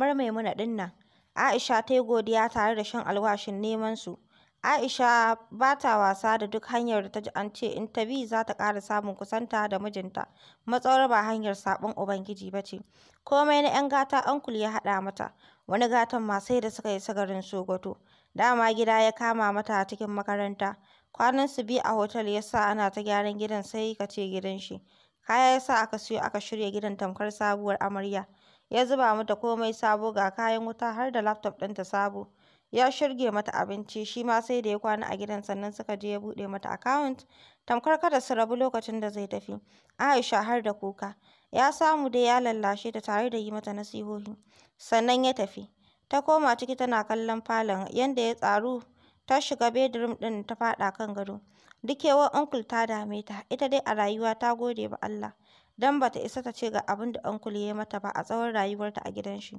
kamar Maimuna ɗin nan. Aisha ta yi godiya tare da shan alwashin neman su. Aisha ba ta wasa da duk hanyar da ta ji an ce in ta bi za ta ƙara samun kusanta da mijinta, matsawar ba hanyar saɓon Ubangiji ba ce. Komai na 'yan gata ankul ya haɗa mata, wani gatan ma sai da suka yi garin Sokoto. Dama gida ya kama mata a cikin makaranta. Kwanan su biyu a hotel ya sa ana ta gyaran gidan sai ka ce gidan shi. Kaya ya sa aka siyo aka shirya gidan tamkar sabuwar amarya. ya zuba mata komai sabo ga kayan wuta har da laptop ɗinta sabo ya shirge mata abinci shi ma sai da ya kwana a gidan sannan suka je ya buɗe mata account tamkar kada su rabu lokacin da zai tafi Aisha har da kuka ya samu dai ya lallashe ta tare da yi mata nasihohi sannan ya tafi ta koma ciki tana kallon falon yanda ya tsaru ta shiga bedroom ɗin ta faɗa kan gado duk yawan uncle ta dame ta ita dai a rayuwa ta gode wa Allah don ba ta isa ta ce ga abin da uncle ya yi mata ba a tsawon rayuwarta a gidan shi.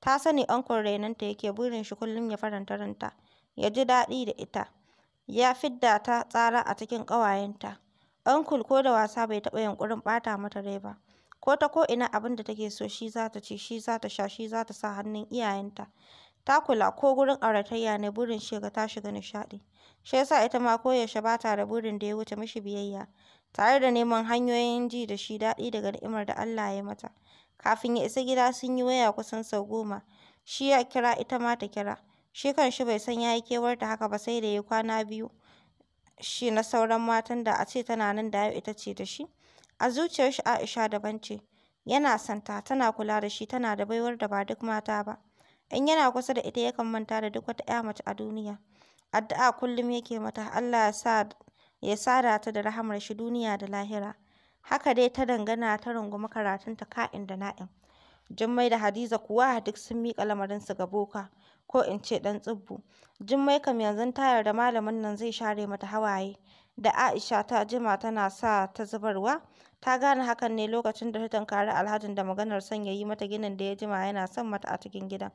Ta sani uncle rainanta yake burin shi kullum ya faranta ranta, ya ji daɗi da ita. Ya fidda ta tsara a cikin ƙawayenta. Uncle ko da wasa bai taɓa yunƙurin ɓata mata rai ba. Ko ta ko ina abin da take so shi za ta ci, shi za ta sha, shi za ta sa hannun iyayenta. Ta kula ko gurin auratayya ne burin ga ta shiga nishaɗi. Shi yasa ita ma koyaushe ba ta da burin da ya wuce mishi biyayya. tare da neman hanyoyin ji da shi daɗi daga ni'imar da Allah ya mata. Kafin ya isa gida sun yi waya kusan sau goma, shi ya kira ita ma ta kira. Shi kan shi bai san ya yi kewarta haka ba sai da ya kwana biyu shi na sauran matan da a ce tana nan da yau ita ce da shi. A zuciyar shi Aisha daban ce, yana santa, tana kula da shi, tana da baiwar da ba duk mata ba. In yana kusa da ita yakan manta da duk wata ‘ya mace a duniya. Addu'a kullum yake mata, Allah ya sa ya sada ta da rahamar shi duniya da lahira. Haka dai ta dangana ta rungumi karatunta ka'in da na'in. Jummai da Hadiza kuwa duk sun miƙa lamarinsu ga boka, ko in ce dan tsibbu. Jummai kam yanzu ta yarda malamin nan zai share mata hawaye. Da Aisha ta jima tana sa ta zubarwa, ta gane hakan ne lokacin da ta tankari alhajin da maganar son ya yi mata ginin da ya jima yana son mata a cikin gidan.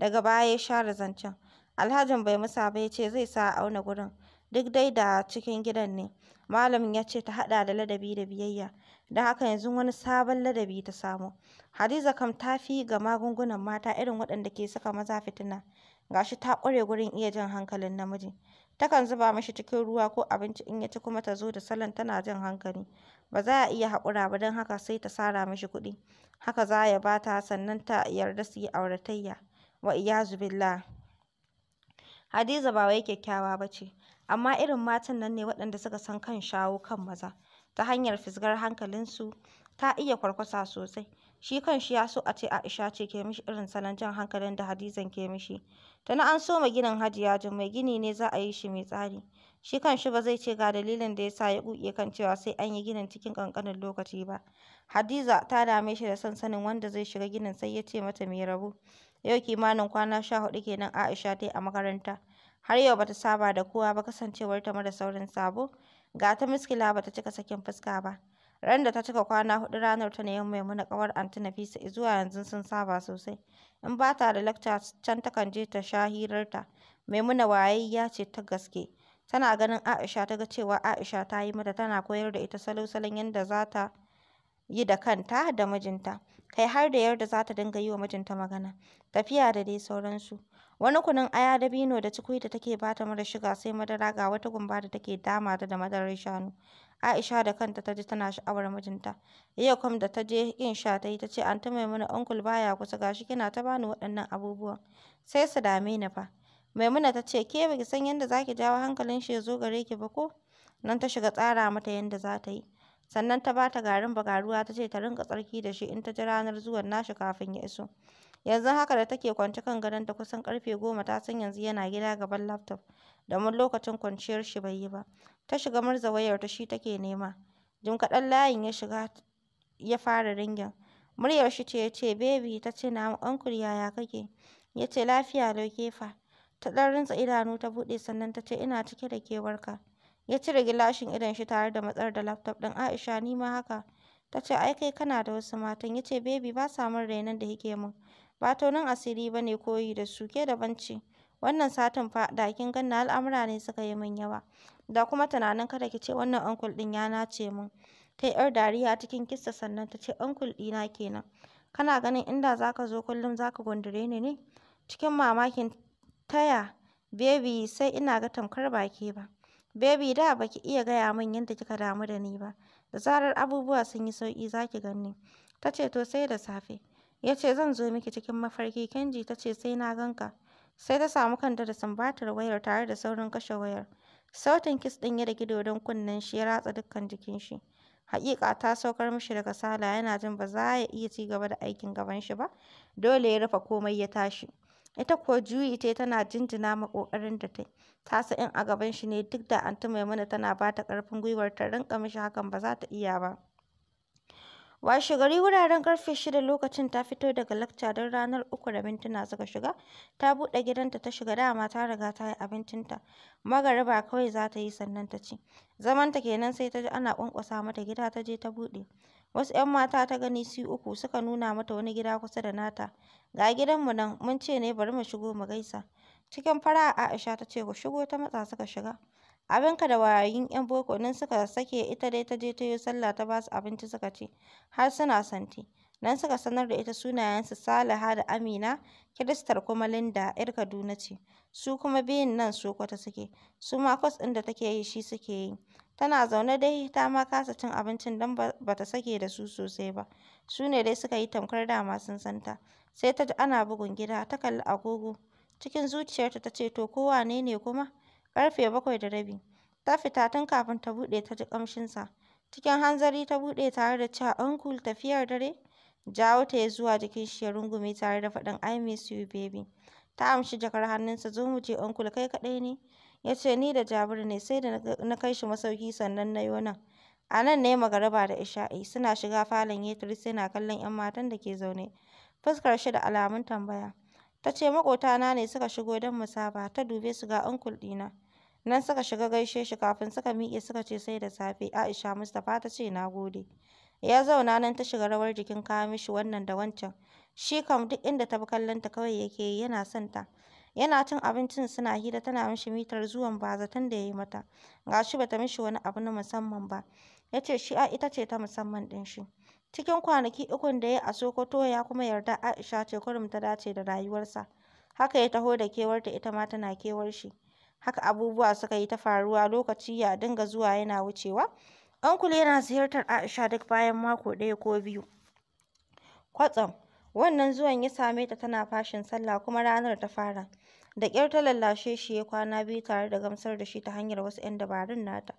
Daga baya ya share zancen. Alhajin bai musa ba ya ce zai sa a auna gurin. duk dai da cikin gidan ne. Malamin ya ce ta haɗa da ladabi da biyayya, don haka yanzu wani sabon ladabi ta samo. Hadiza kam ta fi ga magungunan mata irin waɗanda ke saka maza fitina. Gashi ta ƙware gurin iya jan hankalin namiji. Takan zuba mashi cikin ruwa ko abinci in ya ci kuma ta zo da salon tana jan hankali. Ba za a iya haƙura ba don haka sai ta sara mashi kuɗi. Haka za ya ba ta sannan ta yarda su yi auratayya. Wa iyazu billah. Hadiza ba wai kyakkyawa ba ce. amma irin matan nan ne waɗanda suka san kan shawo kan maza ta hanyar fisgar su ta iya kwarkwasa sosai shi kanshi ya so a ce Aisha ce ke mishi irin salon jan hankalin da Hadizan ke mishi tuni an soma ginin Hajiya mai gini ne za a yi shi mai tsari shi kanshi ba zai ce ga dalilin da ya sa ya ƙuƙe kan cewa sai an yi ginin cikin ƙanƙanin lokaci ba Hadiza ta dame shi da son sanin wanda zai shiga ginin sai ya ce mata mai rabo yau kimanin kwana sha huɗu kenan Aisha dai a makaranta har yau bata saba da kowa ba kasancewar ta mara saurin sabo ga ta miskila bata cika sakin fuska ba ran da ta cika kwana hudu ranar ta ne muna kawar anti nafisa zuwa yanzu sun saba sosai in ba ta da lakta can takan je ta sha hirarta maimuna wayayya ce ta gaske tana ganin aisha ta ga cewa aisha ta yi mata tana koyar da ita salo salon yadda za ta yi da kanta da mijinta kai har da yarda za ta dinga yi wa mijinta magana tafiya da dai sauransu wani kunun aya da Bino da cikui da take bata mara shiga sai madara ga wata gumba da take dama ta da madarar shanu Aisha da kanta ta ji tana sha'awar mijinta. Yau kam da ta je yin sha ta yi ta ce, Anti Maimuna onkul baya kusa gashi kina ta bani waɗannan abubuwan. Sai su dame ni fa. Maimuna ta ce, ke ba ki san yadda za ki jawo hankalin shi ya zo gare ki ba ko? Nan ta shiga tsara mata yadda za ta yi. sannan ta ba ta garin bagaruwa ta ce ta rinƙa tsarki da shi in ta ji ranar zuwan nashi kafin ya iso yanzu haka da take kwance kan gadon ta kusan karfe goma ta san yanzu yana gida gaban laptop domin lokacin kwanciyar shi bai yi ba ta shiga murza wayar ta shi take nema jim kaɗan layin ya shiga ya fara ringin muryar shi ce ce baby ta ce na uncle yaya kake ya ce lafiya lau kefa ta ɗan rinsa idanu ta buɗe sannan ta ce ina cike da kewarka Ya cire gilashin idon shi tare da matsar da laptop ɗin Aisha ni ma haka. Ta ce ai kai kana da wasu matan. Ya ce baby ba sa min rainon da yake min. Ba nan asiri ba ne koyi da su ke da banci. Wannan satin fa da ganna al'amura ne suka yi min yawa. Da kuma tunanin kada ki ce wannan uncle ɗin ya nace min. Ta yi 'yar dariya cikin kista sannan ta ce uncle ɗina kenan. Kana ganin inda za ka zo kullum za ka gundure ni ne? Cikin mamakin taya baby sai ina ga tamkar ba ba. Baby da baki iya gaya min yadda kika damu da ni ba. Da zarar abubuwa sun yi sauƙi za ki ganni. Ta ce to sai da safe. Ya ce zan zo miki cikin mafarki Kenji ta ce sai na ganka. Sai ta samu kanta da sumbatar wayar tare da saurin kashe wayar. Sautin kis ɗin ya da don kunnen shi ya ratsa dukkan jikin shi. Haƙiƙa ta saukar mishi daga sala yana jin ba za ya iya ci gaba da aikin gaban shi ba. Dole ya rufe komai ya tashi. ita kuwa juyi ta tana jinjina ma ƙoƙarin da ta yi ta in a gaban shi ne duk da anti maimuna tana ba ta ƙarfin gwiwar ta rinƙa mishi hakan ba za ta iya ba washe gari wuraren karfe shida lokacin ta fito daga lakca don ranar uku da mintuna suka shiga ta buɗe gidanta ta shiga dama ta riga ta yi abincinta magariba kawai za ta yi sannan ta ci zamanta kenan sai ta ji ana ƙwanƙwasa mata gida ta je ta buɗe wasu 'yan mata ta gani su uku suka nuna mata wani gida kusa da nata Ga gidanmu nan, mun ce ne bari mu shigo mu gaisa. Cikin fara'a Aisha ta ce ku shigo ta matsa suka shiga. Abinka da wayayyun 'yan boko nan suka sake ita dai ta je ta yi sallah ta ba su abinci suka ci har suna santi. Nan suka sanar da ita sunayensu Salaha da Amina, Kiristar kuma Linda 'yar Kaduna ce. Su kuma biyun nan Sokoto suke, su ma kwas ɗin da take yi shi suke yi. Tana zaune dai ta ma kasa cin abincin don ba ta sake da su sosai ba. Su ne dai suka yi tamkar dama sun santa Sai ta ji ana bugun gida, ta kalli agogo. Cikin zuciyarta ta ce to kowa ne ne kuma? karfe bakwai da rabi. Ta fita tun kafin ta buɗe ta ji ƙamshinsa. Cikin hanzari ta buɗe tare da cewa uncle tafiyar dare? Jawo ta ya zuwa jikin shi ya rungume tare da faɗin I miss you baby. Ta amshi jakar hannunsa zo mu je uncle kai kaɗai ne? ya ce ni da jabir ne sai da na kai shi masauki sannan na yo nan. A nan ne magariba da isha'i suna shiga falon sai yana kallon 'yan matan da ke zaune. Fuskar shi da alamun tambaya. Ta ce maƙotana ne suka shigo don mu ta dube su ga ankul ɗina. Nan suka shiga gaishe shi kafin suka miƙe suka ce sai da safe Aisha Mustapha ta ce na gode. Ya zauna nan ta shiga rawar jikin kawo mishi wannan da wancan. Shi kam duk inda ta bi kallon ta kawai yake yi yana son ta. Yana cin abincin suna hira tana mishi mitar zuwan zaton da ya yi mata. Ga shi bata mishi wani abu na musamman ba. Ya ce shi a ita ce ta musamman din shi. Cikin kwanaki ukun da ya a Sokoto ya kuma yarda Aisha ce kurum ta dace da rayuwarsa. Haka ya taho da kewarta ita ma tana kewar shi. Haka abubuwa suka yi ta faruwa lokaci ya dinga zuwa yana wucewa. Ankul yana ziyartar Aisha duk bayan mako ɗaya ko biyu. Kwatsam, wannan zuwan ya same ta tana fashin sallah kuma ranar ta fara. Da ƙyar ta lallashe shi ya kwana biyu tare da gamsar da shi ta hanyar wasu 'yan dabarun nata.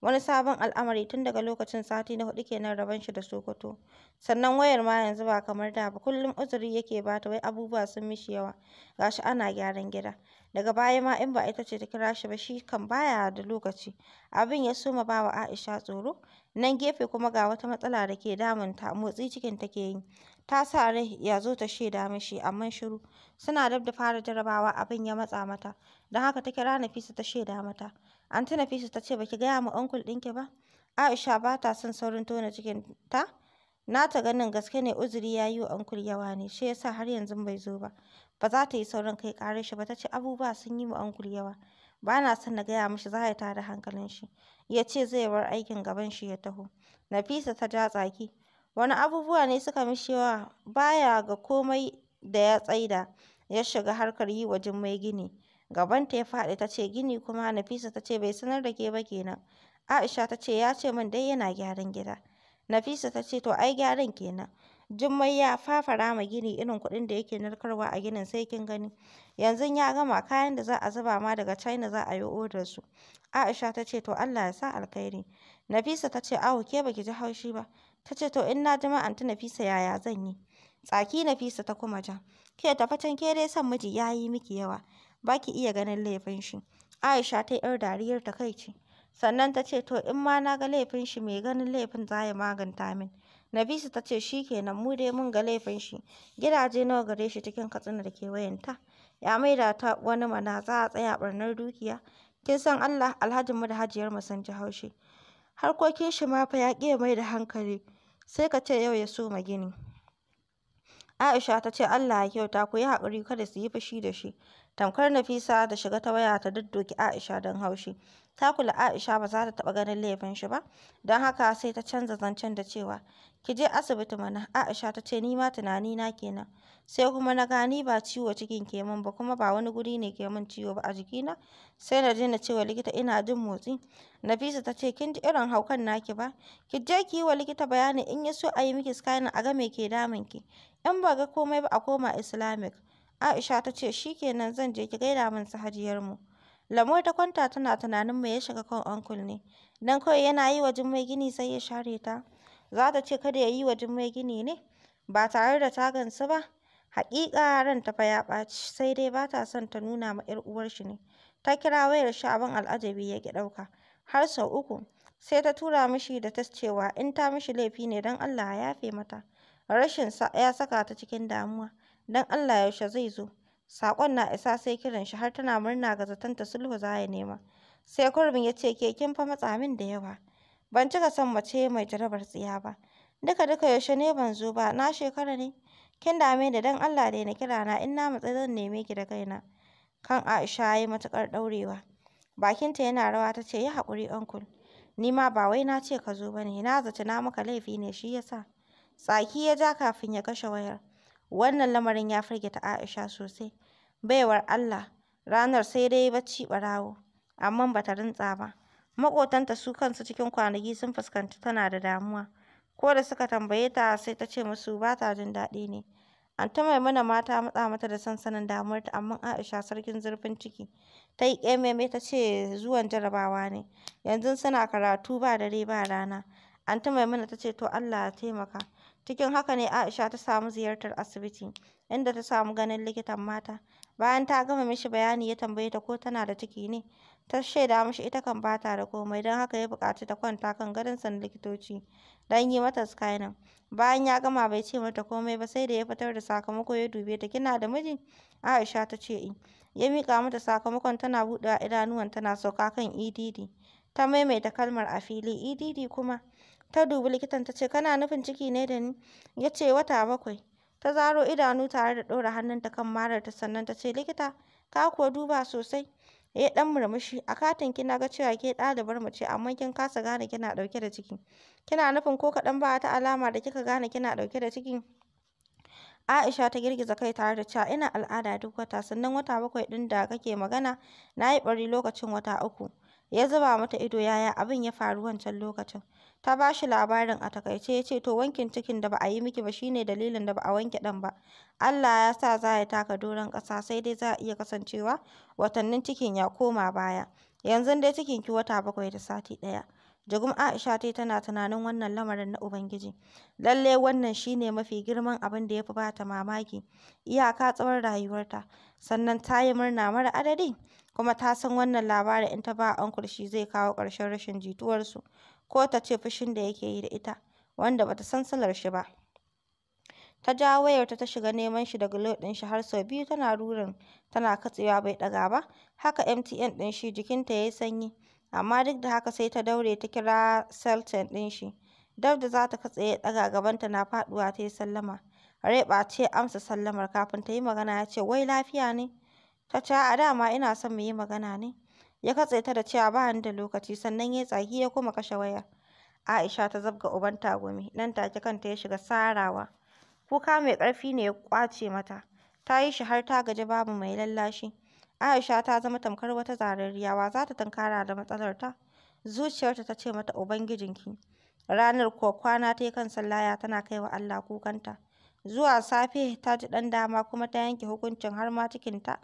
Wani sabon al'amari tun daga lokacin sati na hudu kenan rabon shi da Sokoto. Sannan wayar ma yanzu ba kamar da ba kullum uzuri yake bata wai abubuwa sun mishi yawa. Gashi ana gyaran gida. Daga baya ma in ba ita ce ta kira shi ba shi kan baya da lokaci. Abin ya suma ba wa Aisha tsoro. Nan gefe kuma ga wata matsala da ke damunta motsi cikin take yi. ta sa rai ya zo ta shaida mishi amma shiru suna dab da fara jarabawa abin ya matsa mata don haka ta kira Nafisa ta shaida mata anti Nafisa ta ce baki gaya ma uncle ɗinki ba Aisha ba ta son saurin tona cikin ta nata ganin gaske ne uzuri ya yi wa uncle yawa ne shi yasa har yanzu bai zo ba ba za ta yi saurin kai ƙarar shi ba ta ce abubuwa sun yi wa uncle yawa ba na son na gaya mishi za yi tare hankalin shi ya ce zai bar aikin gaban shi ya taho Nafisa ta ja tsaki wani abubuwa ne suka mishewa baya Baya ga komai da ya tsaida ya shiga harkar yi wa Jummai gini. Gabanta ya faɗi ta ce gini kuma Nafisa ta ce bai sanar da ke ba kenan. Aisha ta ce ya ce min dai yana gyaran gida. Nafisa ta ce to ai gyaran kenan. Jummai ya fafara ma gini irin kuɗin da yake narkarwa a ginin sai kin gani. Yanzu ya gama kayan da za a zuba ma daga China za a yi odar su. Aisha ta ce to Allah ya sa alkhairi. Nafisa ta ce awo ke baki ji haushi ba. ta ce to in na jima anti Nafisa yaya zan yi tsaki Nafisa ta kuma ja ke tafi fatan ke dai san miji ya yi miki yawa ba ki iya ganin laifin shi Aisha ta yar dariyar ta kai ce sannan ta ce to in ma na ga laifin shi mai ganin laifin za ya maganta min Nafisa ta ce shi kenan mu dai mun ga laifin shi gidaje nawa gare shi cikin katsina da kewayenta ya maida ta wani mana za a tsaya barnar dukiya kin san Allah mu da Hajiyar mu sun ji haushi harkokin shi ma fa ya ƙi ya mai da hankali, sai ka ce yau ya soma gini. Aisha ta ce Allah ya kyauta ku yi haƙuri kada su yi fushi da shi. Tamkar Nafisa da shiga ta waya ta daddoki Aisha don haushi. Ta kula Aisha ba za ta taɓa ganin laifin shi ba, don haka sai ta canza zancen da cewa, ki je asibiti mana. Aisha ta ce ni ma tunani na kenan. sai kuma na gani ba ciwo cikin ke ba kuma ba wani guri ne ke min ciwo ba a jikina sai na je na ce likita ina jin motsi Nafisa ta ce kin ji irin haukan naki ba ki je ki yi wa likita bayani in ya so a yi miki scanning a ga me ke damun ki in ba ga komai ba a koma Islamic Aisha ta ce shikenan zan je ki gaida min su hajiyar mu Lamo ta kwanta tana tunanin me ya shiga kan uncle ne dan kawai yana yi wa Jummai gini sai ya share ta za ta ce kada ya yi wa Jummai gini ne ba tare da ta gansu ba Haƙiƙa ranta fa ya ɓaci, sai dai ba ta son ta nuna ma 'yar shi ne. Ta kira wayar shi abin al'ajabi ya ki ɗauka, har sau uku. Sai ta tura mishi da ta cewa in ta mishi laifi ne don Allah ya yafe mata. sa ya saka ta cikin damuwa, don Allah yaushe zai zo. Saƙon na isa sai kiran shi har tana murna ga ta sulhu za ya nema. Sai kurmin ya ce ke kin fa matsa min da yawa. Ban cika son mace mai jarabar tsiya ba. Duka duka yaushe ne ban zo ba, na shekara ne. kin dame da dan Allah na kira na in na matsa zan neme ki da kaina kan Aisha yayi matukar daurewa bakinta yana rawa ta ce yi hakuri uncle ni ma ba wai na ce ka zo bane na zata na maka laifi ne shi yasa tsaki ya ja kafin ya kashe wayar wannan lamarin ya farge ta Aisha sosai baiwar Allah ranar sai dai bacci barawo amma bata rintsa ba makotanta su kansu cikin kwanaki sun fuskanci tana da damuwa ko da suka tambaye ta sai ta ce musu ba ta jin daɗi ne Anta Maimuna ma ta matsa mata da sansanin damuwarta amma Aisha sarkin zurfin ciki ta yi ƙememe ta ce zuwan jarabawa ne yanzu suna karatu ba dare ba rana Anta Maimuna ta ce to Allah ya taimaka cikin haka ne Aisha ta samu ziyartar asibiti inda ta samu ganin likitan mata bayan ta gama mishi bayani ya tambaye ta ko tana da ciki ne ta shaida mashi ita kan ba ta da komai don haka ya buƙaci ta kwanta kan gadonsa na likitoci don yi mata scanning bayan ya gama bai ce mata komai ba sai da ya fitar da sakamako ya dube ta kina da miji Aisha ta ce eh ya miƙa mata sakamakon tana buɗewa idanuwan tana sauka kan EDD ta maimaita kalmar a fili EDD kuma ta dubi likitan ta ce kana nufin ciki ne da ni ya ce wata bakwai ta zaro idanu tare da ɗora hannunta kan marar ta sannan ta ce likita ka kuwa duba sosai Ya eh, ɗan murmushi. A katin ki na ga cewa ke ɗalibar mu ce amma kin kasa gane kina ɗauke da ciki. Kina nufin ko kaɗan ba ta alama da kika gane kina ɗauke da cikin. Aisha ta girgiza kai tare da cewa ina al'ada duk wata sannan wata bakwai ɗin da kake magana na yi ɓari lokacin wata uku. Ya zuba mata ido yaya abin ya faru wancan lokacin. Ta ba shi labarin a takaice ya ce to wankin cikin da ba a yi miki ba shine dalilin da ba a wanke dan ba. Allah ya sa za ya taka doron ƙasa sai dai za a iya kasancewa watannin cikin ya koma baya. Yanzu dai cikin ki wata bakwai da sati ɗaya. Jigum Aisha ta tana tunanin wannan lamarin na Ubangiji. Lalle wannan shine mafi girman abin da ya fi bata mamaki. Iyaka tsawon rayuwarta. Sannan ta yi murna mara adadi. Kuma ta san wannan labarin in ta ba an shi zai kawo ƙarshen rashin jituwarsu. ko ta ce fushin da yake yi da ita, wanda ba ta san salar shi ba. Ta ja wayarta ta shiga neman shi da galo ɗin shi har sau biyu tana rurin tana katsewa bai ɗaga ba, haka MTN ɗin shi jikinta ya yi sanyi, amma duk da haka sai ta daure ta kira Seltin ɗin shi. Dab da za ta katse ya ɗaga gabanta na faɗuwa ta yi sallama. Reɓa ce amsa sallamar kafin ta yi magana ya ce wai lafiya ne? Ta ce a dama ina son mu yi magana ne. ya katse ta da cewa ba da lokaci sannan ya tsaki ya kuma kashe waya. Aisha ta zabga uban tagumi nan take kanta ya shiga sarawa. Kuka mai ƙarfi ne ya kwace mata. Ta yi shi har ta gaji babu mai lallashi. Aisha ta zama tamkar wata zarariya wa za ta tankara da matsalar ta. Zuciyarta ta ce mata Ubangijinki. Ranar ko kwana ta yi kan sallaya tana kai wa Allah kukanta. Zuwa safe ta ji ɗan dama kuma ta yanke hukuncin har ma cikinta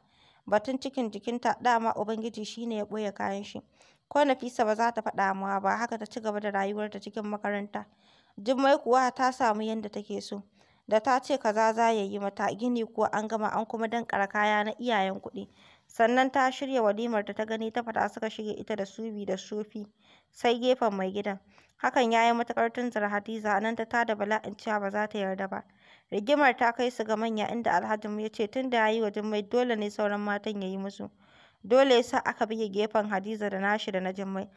batun cikin jikinta dama ubangiji shine ya ɓoye kayan shi ko Nafisa ba za ta faɗa ma ba haka ta ci gaba da rayuwarta cikin makaranta Jummai kuwa ta samu yadda take so da ta ce kaza za ya yi mata gini ko an gama an kuma dankara kaya na iyayen kuɗi sannan ta shirya walimar da ta gani ta fita suka shige ita da Subi da Sufi sai gefen mai gidan hakan ya yi matuƙar tunzura Hadiza nan ta tada bala'in cewa ba za ta yarda ba rigimar ta kai su ga manya inda alhaji ya ce tun da ya yi wa jummai dole ne sauran matan ya yi musu dole ya sa aka bige gefen hadiza da nashi da na jummai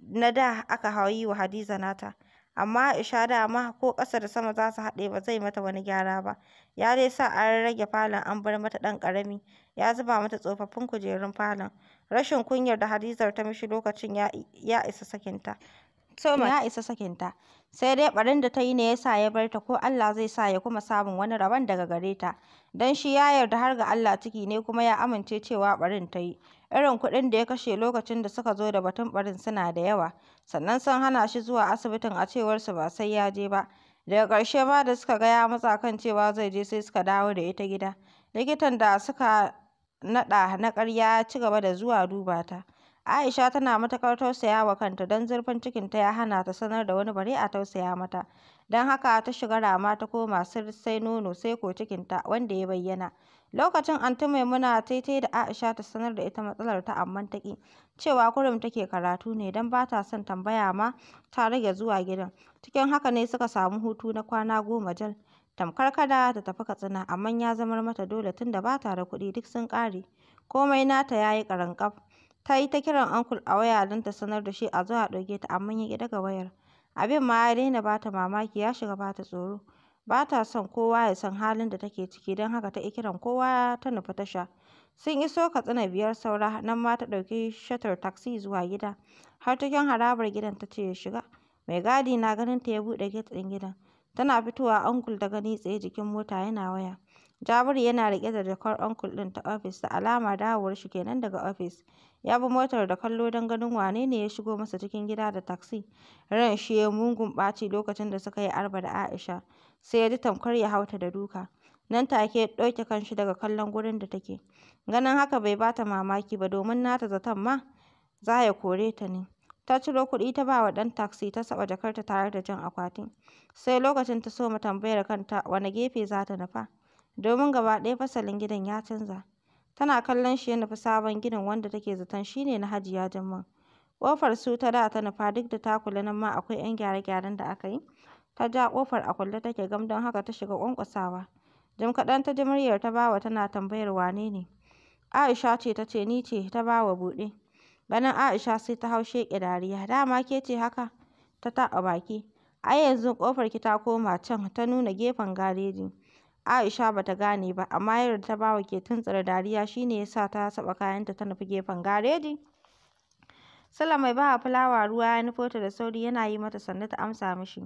na da aka yi wa hadiza nata amma Aisha dama ko ƙasa da sama za su haɗe ba zai mata wani gyara ba ya dai sa an rage falon an bar mata ɗan ƙarami ya zuba mata tsofaffin kujerun falon rashin kunyar da Hadizar ta mishi lokacin ya isa sakinta Soma ya isa sakinta, sai dai barin da ta yi ne yasa ya bar ta ko Allah zai sa ya kuma samun wani rabon daga gare ta, dan shi ya yarda har ga Allah ciki ne kuma ya amince cewa barin ta yi. Irin kuɗin da ya kashe lokacin da suka zo da batun barin suna da yawa, sannan sun hana shi zuwa asibitin a cewarsu ba sai ya je ba. Daga ƙarshe ma da suka gaya ya matsa kan cewa zai je sai suka dawo da ita gida. Likitan da suka naɗa na ƙarya ya ci gaba da zuwa duba ta. Aisha tana matuƙar tausaya wa kanta don zurfin cikinta ya hana ta sanar da wani bari a tausaya mata. Don haka ta shiga rama ta koma sir sai nono sai ko cikinta wanda ya bayyana. Lokacin Anti Maimuna yi da Aisha ta sanar da ita matsalar ta amma ta ƙi. Cewa kurum take karatu ne don ba ta son tambaya ma ta rage zuwa gidan. Cikin haka ne suka samu hutu na kwana goma jal. Tamkar kada ta tafi Katsina amma ya zamar mata dole tunda ba ta da kuɗi duk sun ƙare. Komai nata ya yi ƙaranƙaf. Ta yi ta kiran Uncle a waya don ta sanar da shi a zo a ɗauke ta amma ya ƙi daga wayar. Abin ma ya daina ba ta mamaki ya shiga ba ta tsoro. Ba ta son kowa ya san halin da take ciki don haka ta ƙi kiran kowa ta nufi tasha. Sun iso Katsina biyar saura nan ma ta ɗauki shatar taksi zuwa gida. Har cikin harabar gidan ta ce ya shiga. Mai gadi na ganin ta ya buɗe get ɗin gidan. Tana fitowa Uncle ta gani tsaye jikin mota yana waya. Jabiru yana riƙe da jakar Uncle ɗin ta ofis da alama dawowar shi kenan daga ofis. Ya bi motar da kallo don ganin wane ne ya shigo masa cikin gida da taksi. Ran shi ya mugun ɓaci lokacin da suka yi arba da Aisha, sai ya ji tamkar ya hauta da duka. Nan take ya ɗauke kanshi daga kallon gurin da take. Ganin haka bai ba ta mamaki ba domin nata zaton ma za ya kore ta ne. Ta ciro kuɗi ta ba wa ɗan taksi ta saba jakarta tare da jan akwatin. Sai lokacin ta soma tambayar kanta wane gefe za ta nufa, domin gaba ɗaya fasalin gidan ya canza. Tana kallon shi ya nufi sabon ginin wanda take zaton shi ne na Hajiya Jummai. Ƙofar su ta da ta nufa duk da ta kula nan ma akwai 'yan gyare-gyaren da aka yi. Ta ja ƙofar a kulle take gam don haka ta shiga ƙwanƙwasawa. Jim kaɗan ta ji muryar ta bawa tana tambayar wane ne. Aisha ce ta ce ni ce ta bawa buɗe. Ganin Aisha sai ta hau sheƙe dariya. Dama ke ce haka? Ta taɓa baki. Ai yanzu ƙofar ki ta koma can ta nuna gefen gareji. Aisha ba ta gane ba, amma yadda ta ba wa ke dariya shi ne ya sa ta saba kayanta ta nufi gefen gareji. Sala mai ba fulawa ruwa ya nufo ta da sauri yana yi mata sannu ta amsa mishi.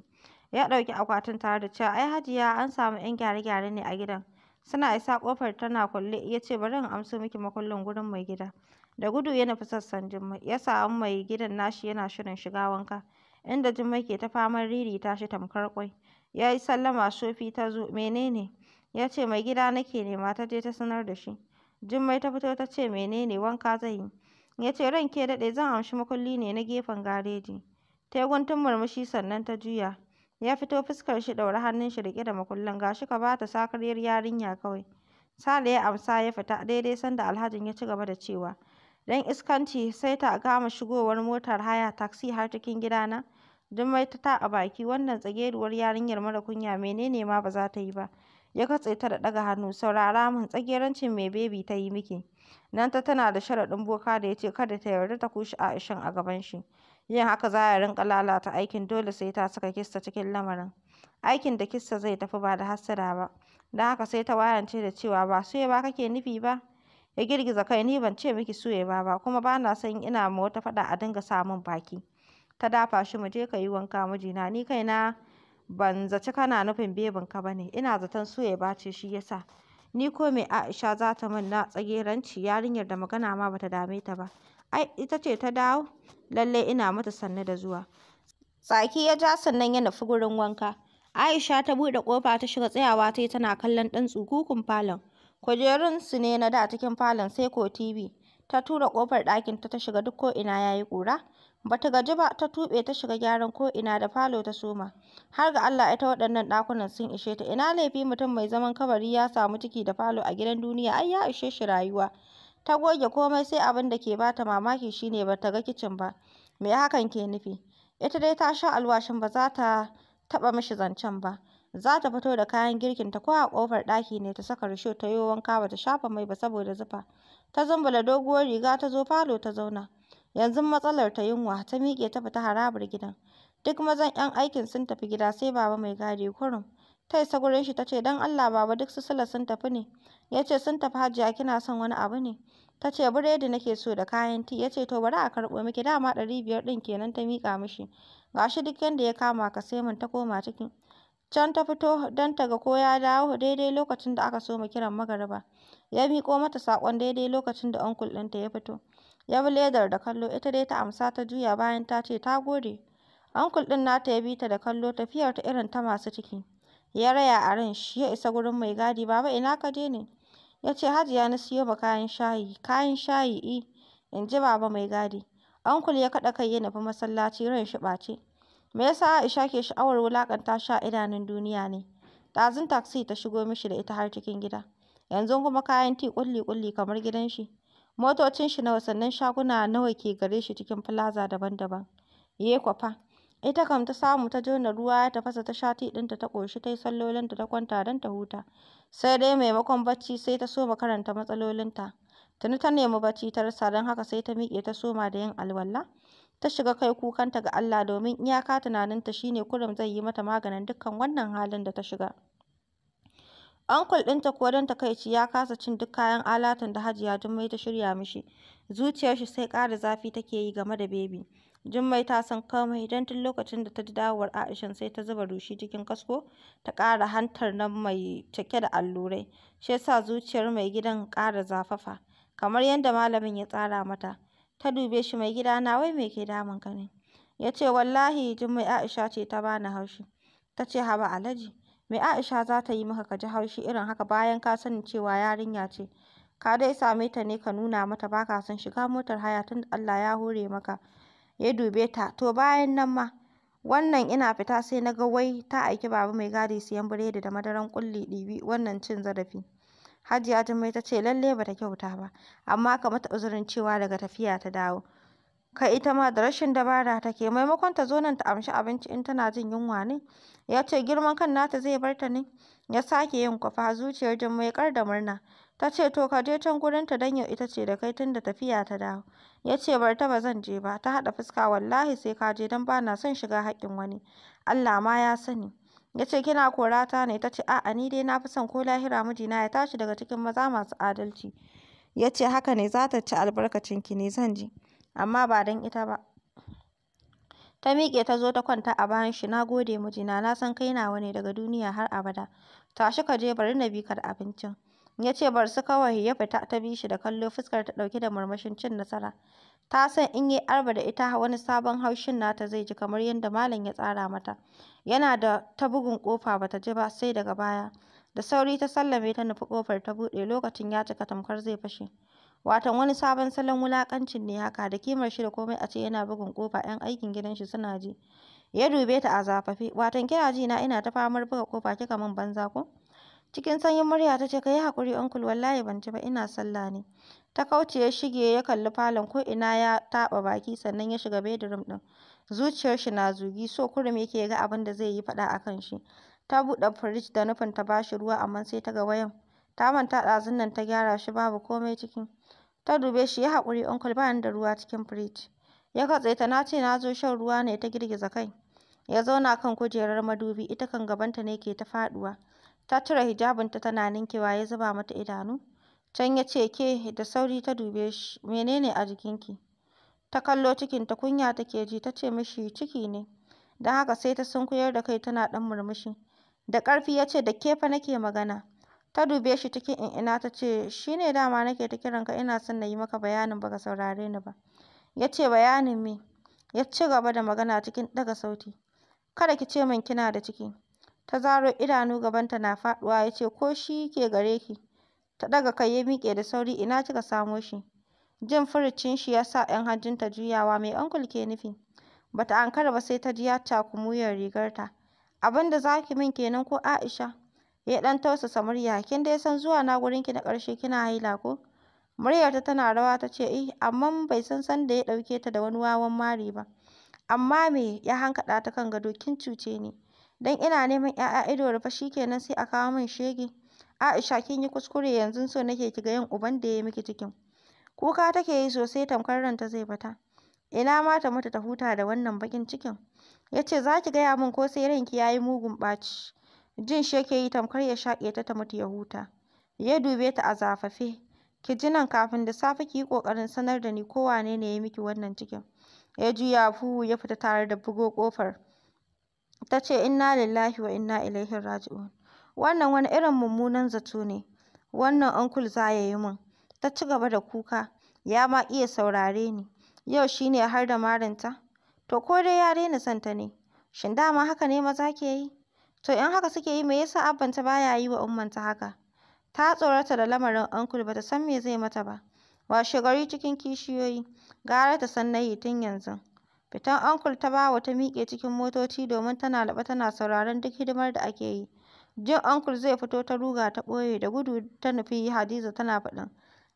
Ya ɗauki akwatin tare da cewa, ai hajiya an samu 'yan gyare-gyare ne a gidan. Suna isa ƙofar tana kulle, ya ce bari in amsa miki makullin gurin mai gida. Da gudu ya nufi sassan Jummai, ya samu mai gidan nashi yana shirin shiga wanka, inda Jummai ke ta faman ta shi tamkar ƙwai. Ya yi sallama sofi ta zo, menene? ya ce mai gida nake nema ta je ta sanar da shi jummai ta fito ta ce menene wanka zai yi ya ce ran ke daɗe zan amshi makulli ne na gefen gareji ta yi guntun murmushi sannan ta juya ya fito fuskar shi ɗaure hannun shi riƙe da makullin shi ka ba bata sakariyar yarinya kawai sale ya amsa ya fita daidai sanda alhajin ya ci gaba da cewa dan iskanci sai ta gama shigowar motar haya taxi har cikin na? jummai ta ta a baki wannan tsageruwar yarinyar mara kunya menene ma ba za ta yi ba ya katse ta da ɗaga hannu, saurara min tsagerancin me Baby ta yi miki. Nan ta tana da sharaɗin boka da ya ce kada ta yarda ta kushe Aishan a gaban shi. Yin haka za ya rinƙa lalata aikin dole sai ta saka Kista cikin lamarin. Aikin da Kista zai tafi ba da hassada ba. Don haka sai ta wayance da cewa ba ba kake nufi ba? Ya girgiza kai ni ban ce miki ya ba ba, kuma ba na son ina ma wata faɗa a dinga samun baki. Ta dafa shi mu je ka yi wanka mijina ni kaina ban zaci kana nufin bebinka ba ne, ina zaton so ya bace shi yasa Ni ko me Aisha za ta min na tsageranci yarinyar da magana ma bata dame ta ba. Ai, ita ce ta dawo? Lallai ina mata sannu da zuwa. Tsaki ya ja sannan ya nufi gurin wanka. Aisha ta buɗe kofa ta shiga tsayawa ta yi tana kallon ɗan tsukukun falon. su ne na da cikin falon sai ko TV. Ta tura kofar ɗakinta ta shiga duk ko'ina ya yi ƙura. Bata gaji ba ta tube ta shiga gyaran ko ina da falo ta soma. Har ga Allah ita waɗannan ɗakunan sun ishe ta. Ina laifi mutum mai zaman kabari ya samu ciki da falo a gidan duniya ai ya ishe shi rayuwa. Ta goge komai sai abin da ke bata mamaki shine bata ga kicin ba. Me hakan ke nufi? Ita dai ta sha alwashin ba za ta taɓa mishi zancen ba. Za ta fito da kayan girkin ta ko a kofar ɗaki ne ta saka risho ta yiwa wanka ba ta shafa mai ba saboda zufa. Ta zambala doguwar riga ta zo falo ta zauna. Yanzu matsalar ta yunwa, ta miƙe ta fita harabar gidan. Duk mazan 'yan aikin sun tafi gida sai baba mai gadi kurum. Ta isa gurin shi ta ce, don Allah baba duk su sula sun tafi ne. Ya ce, sun tafi hajiya kina son wani abu ne? Ta ce, biredi nake so da kayan ti. Ya ce, to bari a karɓo miki dama ɗari biyar ɗin kenan ta miƙa mishi. Gashi duk yanda ya kama ka sai mun ta koma ciki. Can ta fito don ta ga ko ya dawo daidai lokacin da aka so mu kiran magariba. Ya miƙo mata saƙon daidai lokacin da onkul ɗinta ya fito. ya bi ledar da kallo ita dai ta amsa ta juya bayan ta ce ta gode. Ankul ɗin nata ya bi ta da kallo tafiyar ta irin ta masu ciki. Ya raya a ran shi ya isa gurin mai gadi baba ina ka je ne? Ya ce hajiya na siyo ba kayan shayi, kayan shayi i, eh, in ji baba mai gadi. Ankul ya kaɗa kai ya nufi masallaci ran shi ɓace. Me yasa Aisha ke sha'awar wulaƙanta sha idanun duniya ne? Ɗazun taksi ta shigo mishi da ita har cikin gida. Yanzu kuma kayan ti kulli-kulli kamar gidan shi. Motocin shi nawa sannan shaguna nawa ke gare shi cikin plaza daban-daban. Ye fa! Ita kam ta samu ta jona ruwa ya tafasa ta shati tea ɗinta ta ƙoshi ta yi da ta kwanta dan ta huta. Sai dai maimakon bacci sai ta soma karanta matsalolin ta Tuni ta nemi bacci ta rasa don haka sai ta miƙe ta soma da yin alwala. Ta shiga kai kukanta ga Allah domin iyaka tunaninta ta shine kurum zai yi mata maganin dukkan wannan halin da ta shiga. Ankul ɗinta kuwa don takaici ya kasa cin duk kayan alatun da Hajiya Jummai ta shirya mishi. Zuciyar shi sai ƙara zafi take yi game da bebi Jummai ta san komai don tun lokacin da ta ji dawowar Aishan sai ta zuba rushi cikin kasko ta ƙara hantar nan mai cike da allurai. Shi sa zuciyar mai gidan ƙara zafafa, kamar yadda malamin ya tsara mata. Ta dube shi, mai gida na, wai me ke damunka ka ne? Ya ce wallahi Jummai Aisha ce ta bani haushi. Ta ce haba alaji." Me Aisha za ta yi maka ka ji haushi irin haka bayan ka sani cewa yarinya ce? Ka dai same ta ne ka nuna mata ba son shiga motar haya da Allah ya hore maka. Ya dube ta, to bayan nan ma, wannan ina fita sai na ga wai ta aiki Baba mai gadi siyan biredi da madaran ƙulli ɗibi, wannan cin zarafi. Hajiya Jummai ta ce lallai ba ta kyauta ba, amma ka mata uzurin cewa daga tafiya ta dawo. kai ita ma da rashin dabara take maimakon ta zo nan ta amshi abinci in tana jin yunwa ne ya ce girman kan nata zai bar ta ne ya sake yin kwafa zuciyar Jummai kar da murna ta ce to ka je can gurin ta dan yau ita ce da kai tunda tafiya ta dawo ya ce bar ta ba zan je ba ta haɗa fuska wallahi sai ka je dan ba na son shiga haƙƙin wani Allah ma ya sani ya ce kina korata ne ta ce a'a ni dai na fi son ko lahira mijina ya tashi daga cikin maza masu adalci ya ce haka ne za ta ci albarkacin ki ne zan je. amma ba don ita ba. Ta miƙe ta zo ta kwanta a bayan shi, na gode mijina, na san kai nawa ne daga duniya har abada. Tashi ka je bari na bi ka da abincin. Ya ce bar su kawai ya fita ta bi shi da kallo fuskar ta ɗauke da murmushin cin nasara. Ta san in yi arba da ita wani sabon haushin nata zai ji kamar yadda malam ya tsara mata. Yana da ta bugun ƙofa bata ji ba sai daga baya. Da sauri ta sallame ta nufi kofar ta buɗe lokacin ya cika tamkar zai fashe. Watan wani sabon salon wulakancin ne haka da kimar shi da komai a ce yana bugun kofa 'yan aikin gidan shi suna ji. Ya dube ta a zafafe. Watan kina ji na ina ta famar buga kofa kika min banza ko? Cikin sanyin murya ta ce ka yi hakuri uncle wallahi ban ci ba ina sallah ne. Ta kauce ya shige ya kalli falon ko ina ya taɓa baki sannan ya shiga bedroom din Zuciyar shi na zugi so kurum yake ga abin da zai yi faɗa a kan shi. Ta buɗe firij da nufin ta bashi ruwa amma sai ta ga wayan. Ta manta ɗazun nan ta gyara shi babu komai ciki. Ta dube shi, ya haƙuri uncle, ba da ruwa cikin firij." Ya katse ta, "Na ce na zo shan ruwa ne." Ta girgiza kai. Ya zauna kan kujerar madubi, ita kan gabanta ne ke ta faɗuwa. Ta cire hijabinta tana ninkewa, ya zuba mata idanu. Can ya ce, "Ke," da sauri ta dube shi, "Menene a jikinki?" Ta kallo cikin ta kunya take ji, ta ce mishi, "Ciki ne." da haka sai ta sunkuyar da kai tana ɗan murmushi. Da ƙarfi ya ce, "Da kefa nake magana." Ta dube shi cikin in'ina ta ce, shi ne dama nake ta ka ina son na yi maka bayanin baka saurare ni ba. Ya ce, bayanin me? Ya ci gaba da magana cikin ɗaga sauti. Kada ki ce min kina da ciki. Ta zaro idanu gabanta na faɗuwa ya ce, ko shi ke gare ki? Ta ɗaga kai ya miƙe da sauri, ina kika samo shi? Jin furucin shi ya sa ‘yan hajjinta juyawa, mai ankul ke nufi? Bata ankara ba sai ta ji ya takumi wuyan rigarta. Abinda zaki min kenan ko Aisha? ya dan tausasa murya, kin dai san zuwa na gurin ki na karshe kina haila ko? Muryarta tana rawa ta ce eh, amma bai san sanda ya ɗauke ta da wani wawan mari ba. Amma me ya hankaɗa ta kan gado kin cuce ni. Dan ina neman ‘ya'ya ido rufa shikenan sai a kawo min shege. Aisha kin yi kuskure yanzu so nake ki ga yin uban da ya miki cikin. Kuka take yi sosai tamkar ranta zai bata. Ina ma ta mutu ta huta da wannan bakin cikin. yace zaki za ki gaya min ko sai ranki ya mugun ɓaci. jin shi yake yi tamkar ya shaƙe ta ta mutu ya huta ya dube ta a zafafe ki ji nan kafin da safe ki yi ƙoƙarin sanar da ni ko wane ne ya miki wannan cikin ya juya fu ya fita tare da bugo ƙofar ta ce inna lillahi wa inna ilaihi raji'un wannan wani irin mummunan zato ne wannan ankul za ya yi min ta ci gaba da kuka ya ma iya saurare ni yau shi ne har da marinta to ko dai ya daina santa ne shin dama haka ne maza ke yi To in haka suke yi me yasa ta baya yi wa ta haka? Ta tsorata da lamarin uncle bata san me zai mata ba. shigari cikin kishiyoyi, gara ta san nayi tun yanzu. Fitan uncle ta bawa ta miƙe cikin motoci domin tana laba tana sauraron duk hidimar da ake yi. Jin uncle zai fito ta ruga ta ɓoye da gudu ta nufi Hadiza tana faɗin.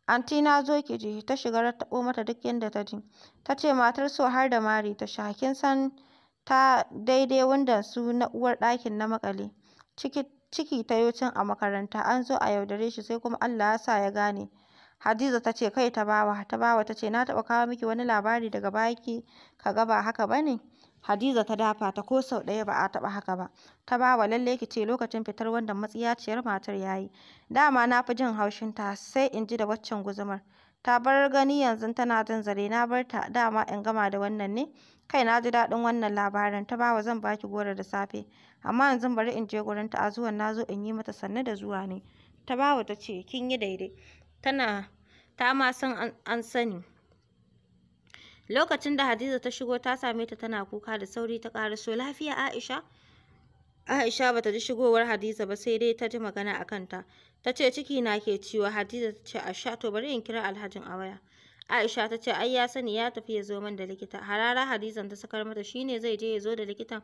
Anti na zo ki je, ta shiga rattaɓo mata duk yadda ta ji. Ta ce matar so har da mari ta sha, kin san ta daidai wandonsu na uwar ɗakin na makale. Ciki ta yi cin a makaranta, an zo a yaudare shi sai kuma Allah ya sa ya gane. Hadiza ta ce kai Tabawa, Tabawa ta ce na taɓa kawo miki wani labari daga baki. ka ga ba haka ba ne? Hadiza ta dafa ta ko sau ɗaya ba a taɓa haka ba. Tabawa lallai ki ce lokacin fitar wanda matsiyaciyar matar ya yi. Dama na fi jin haushin ta, sai in ji da waccan guzumar. Ta bar gani yanzu tana jin zare na bar ta dama in gama da wannan ne. Kai na ji daɗin wannan labarin, Tabawa zan baki goro da safe, amma yanzu bari in je gurin Ta'azuwan na zo in yi mata sannu da zuwa ne. Tabawa ta ce, kin yi daidai, tana ta ma san an sani. Lokacin da Hadiza ta shigo ta same ta tana kuka da sauri ta ƙaraso lafiya Aisha. Aisha bata ji shigowar Hadiza ba sai dai ta ji magana a kanta. Ta ce ciki na ke ciwo Hadiza ta ce sha to bari in kira Alhajin a waya. Aisha ta ce ai ya sani ya tafi ya zo man da likita. Harara Hadizan ta sakar mata shine zai je ya zo da likitan.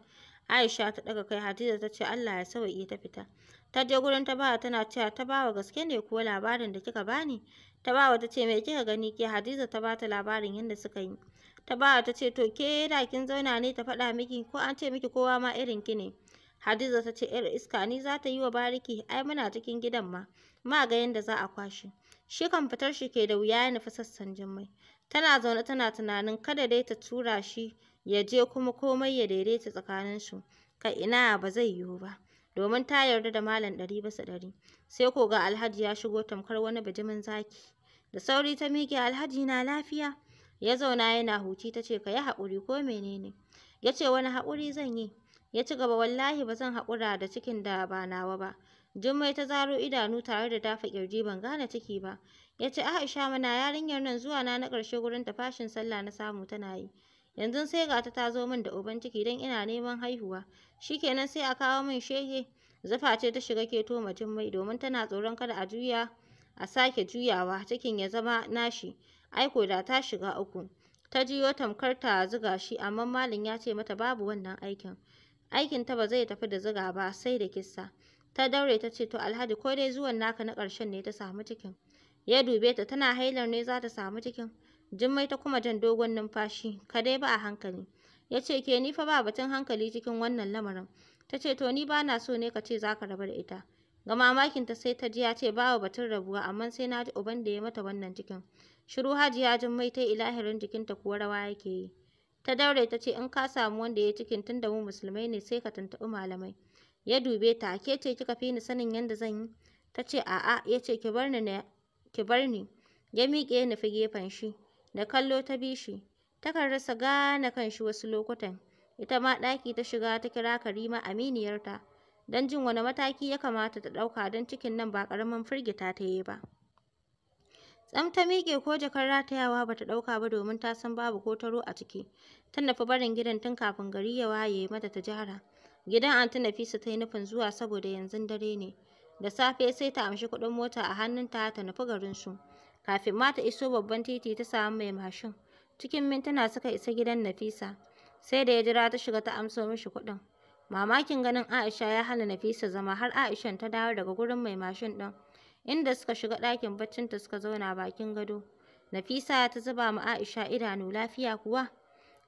Aisha ta daga kai Hadiza ta ce Allah ya sauke ta fita. Ta je gurin ba tana cewa ta Tabawa gaske ne ko labarin da kika bani? Tabawa ta ce me kika gani ke Hadiza ta bata labarin yadda suka yi. Tabawa ta ce to ke da kin zauna ne ta faɗa miki ko an ce miki kowa ma irin ki ne. Hadiza ta ce ‘yar iska ni za ta yi wa bariki ai muna cikin gidan ma, ma ga yadda za a kwashe. Shi kan fitar shi ke da wuya ya nufi sassan Jummai. Tana zaune tana tunanin kada dai ta tura shi ya je kuma komai ya daidaita su Kai ina ba zai yiwu ba. Domin ta yarda da malam ɗari bisa ɗari. Sai ko ga Alhaji ya shigo tamkar wani bijimin zaki. Da sauri ta miƙe Alhaji na lafiya. Ya zauna yana huci ta ce ka yi haƙuri ko menene. Ya ce wani haƙuri zan yi. Ya ci gaba wallahi ba zan haƙura da cikin da ba nawa ba. Jummai ta zaro idanu tare da dafa kirji ban gane ciki ba. Ya ce Aisha mana yarinyar nan zuwa na na ƙarshe gurin ta sallah na samu tana yi. Yanzu sai ga ta ta zo min da uban ciki don ina neman haihuwa. Shikenan sai a kawo min shege. Zufa ce ta shiga keto ma Jummai domin tana tsoron kada a juya a sake juyawa cikin ya zama nashi. Aiko da ta shiga uku. Ta jiyo tamkar ta zuga shi amma Malam ya ce mata babu wannan aikin. Aikin ta ba zai tafi da zuga ba sai da kissa. ta daure ta ce to Alhaji ko dai zuwan naka na ƙarshen ne ta samu cikin ya dube ta tana hailar ne za ta samu cikin Jummai ta kuma jan dogon numfashi ka dai ba a hankali ya ce ke ni fa ba batun hankali cikin wannan lamarin ta ce to ni ba na so ne ka ce za ka rabu da ita ga mamakinta sai ta ji ya ce bawa batun rabuwa amma sai na ji uban da ya mata wannan cikin shiru hajiya Jummai ta ilahirin jikinta kuwa rawa yake yi ta daure ta ce in ka samu wanda ya cikin tun da mu musulmai ne sai ka tuntuɓi malamai ya dube ta ke ce kika fi ni sanin yadda zan yi ta ce a'a ya ce ki bar ni na ki bar ni ya miƙe ya nufi gefen shi da kallo ta bi shi takan rasa gane kan shi wasu lokutan ita ma ɗaki ta shiga ta kira Karima aminiyarta don jin wani mataki ya kamata ta ɗauka don cikin nan ba ƙaramin firgita ta yi ba tsam ta miƙe ko jakar ratayawa ba ta ɗauka ba domin ta san babu ko taro a ciki ta nufi barin gidan tun kafin gari ya waye mata ta jihara Gidan Anti Nafisa ta yi nufin zuwa saboda yanzu dare ne. Da safe sai ta amshi kuɗin mota a hannunta ta nufi garinsu. Kafin ma ta iso babban titi ta samu mai mashin. Cikin mintuna suka isa gidan Nafisa. Sai da ya jira ta shiga ta amsa mishi kuɗin. Mamakin ganin Aisha ya hana Nafisa zama har Aishan ta dawo daga gurin mai mashin ɗin. Inda suka shiga ɗakin baccinta suka zauna bakin gado. Nafisa ta zuba ma Aisha idanu lafiya kuwa?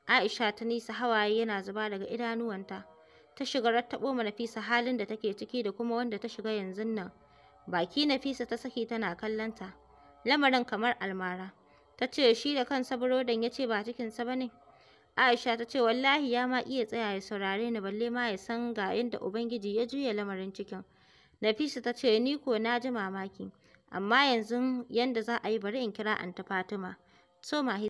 Aisha ta nisa hawaye yana zuba daga idanuwanta. ta shiga rattaɓo ma Nafisa halin da take ciki da kuma wanda ta shiga yanzun nan. Baki Nafisa ta saki tana kallonta. Lamarin kamar almara. Ta ce shi da kansa burodin ya ce ba cikin sa ne. Aisha ta ce wallahi ya ma iya tsaya ya saurare ni balle ma ya san ga inda Ubangiji ya juya lamarin cikin. Nafisa ta ce ni ko na ji mamaki. Amma yanzu yanda za a yi bari in kira Anta Fatima. So